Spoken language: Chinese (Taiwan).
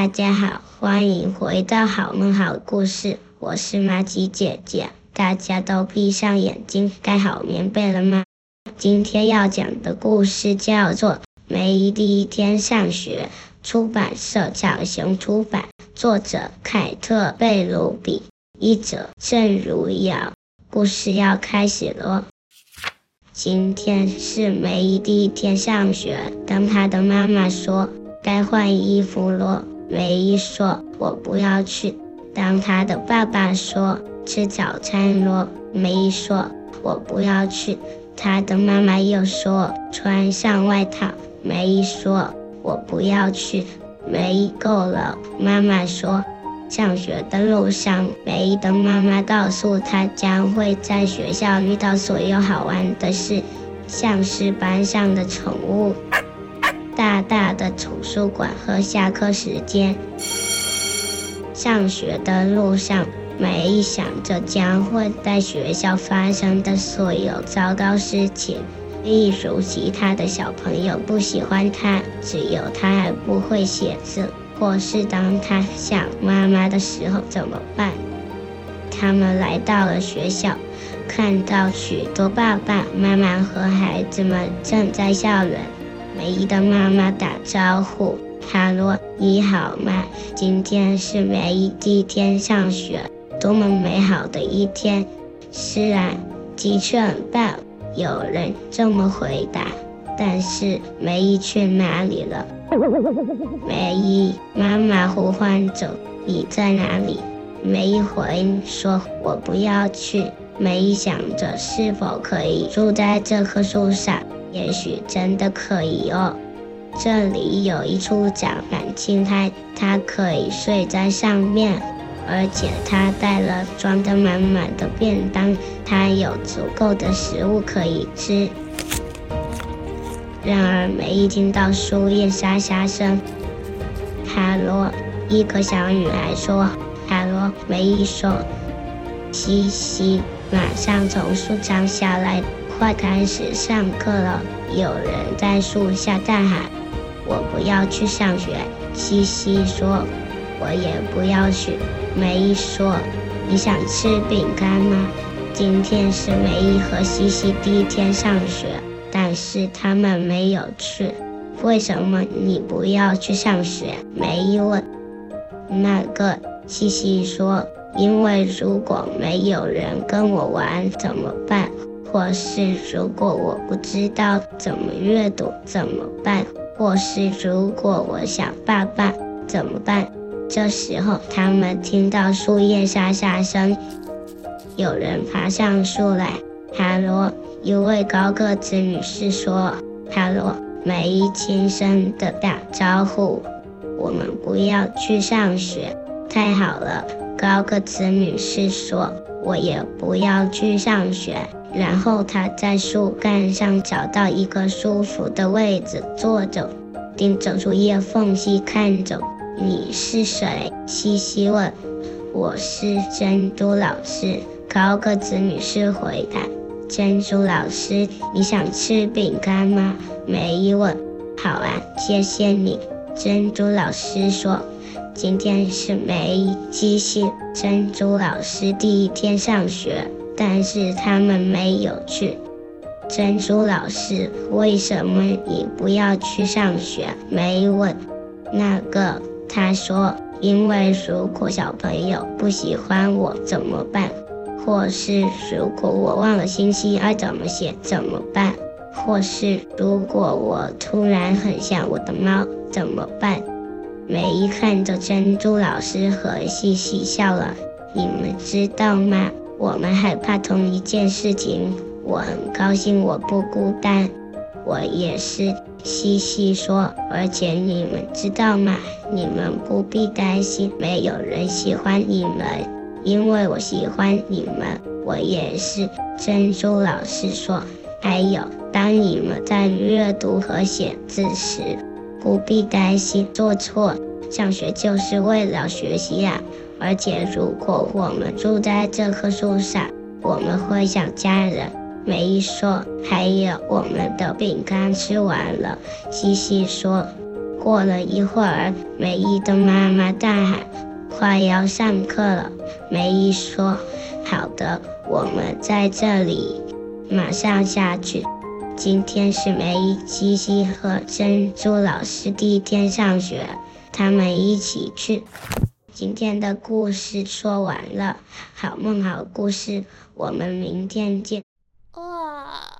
大家好，歡迎回到好夢好故事，我是瑪吉姐姐。大家都閉上眼睛，蓋好棉被了嗎？今天要講的故事叫做《梅伊第一天上學》，出版社：小熊出版，作者：凱特·貝魯比，譯者：鄭如瑤。故事要開始咯。今天是梅伊第一天上學，當她的媽媽說該換衣服咯。梅伊說：“我不要去。”當他的爸爸說：“吃早餐咯。”梅伊說：“我不要去。”他的媽媽又說：“穿上外套。”梅伊說：“我不要去。”梅伊夠了。媽媽說：“上學的路上，梅伊的媽媽告訴她，將會在學校遇到所有好玩的事，像是班上的寵物。”大的圖書館和下課時間。上學的路上，梅伊想着將會在學校發生的所有糟糕事情：例如其他的小朋友不喜歡他，只有他還不會寫字，或是當他想媽媽的時候怎麼辦？他們來到了學校，看到許多爸爸媽媽和孩子們正在校園。梅伊的媽媽打招呼：“哈羅，你好嗎？今天是梅伊第一天上學，多麼美好的一天！是啊，的確很棒。”有人這麼回答，但是梅伊去哪裡了？ 梅伊媽媽呼喚着：“你在哪裡？”梅伊回應說：“我不要去。”梅伊想着是否可以住在這棵樹上。也許真的可以哦，這裡有一處長滿青苔，它可以睡在上面，而且他帶了裝得滿滿的便當，他有足夠的食物可以吃。然而，梅伊聽到樹葉沙沙聲，哈羅一個小女孩說：“哈羅，梅伊說，希希，馬上從樹上下來。”快開始上課了，有人在樹下大喊：“我不要去上學。”希希說：“我也不要去。”梅伊說：“你想吃餅乾嗎？”今天是梅伊和希希第一天上學，但是他們沒有去。為什麼你不要去上學？梅伊問。那個希希說：“因為如果沒有人跟我玩，怎麼辦？”或是如果我不知道怎麼閱讀怎麼辦？或是如果我想爸爸怎麼辦？這時候他們聽到樹葉沙沙聲，有人爬上樹來。哈羅，一位高個子女士說：“哈羅，梅伊輕聲的打招呼，我們不要去上學。太好了。”高個子女士說。我也不要去上學。然後他在樹幹上找到一個舒服的位置坐着，盯着樹葉縫隙看着。你是誰？希希問。我是珍珠老師。高個子女士回答。珍珠老師，你想吃餅乾嗎？梅伊問。好啊，謝謝你。珍珠老師說。今天是梅伊、希希、珍珠老師第一天上學，但是他們沒有去。珍珠老師，為什麼你不要去上學？梅問。那個，他說：“因為如果小朋友不喜歡我怎麼辦？或是如果我忘了星期二怎麼寫怎麼辦？或是如果我突然很想我的貓怎麼辦？”梅伊看着珍珠老師和希希笑了，你們知道嗎？我們害怕同一件事情。我很高興我不孤單，我也是。希希說，而且你們知道嗎？你們不必擔心，沒有人喜歡你們，因為我喜歡你們。我也是。珍珠老師說，還有，當你們在閱讀和寫字時，不必擔心做錯，上學就是為了學習呀、啊。而且如果我們住在這棵樹上，我們會想家人。梅伊說：“還有我們的餅乾吃完了。”希希說：“過了一會兒，梅伊的媽媽大喊：‘快要上課了！’”梅伊說：“好的，我們在這裡，馬上下去。”今天是梅伊、希希和珍珠老師第一天上學，他們一起去。今天的故事說完了，好夢好故事，我們明天見。啊。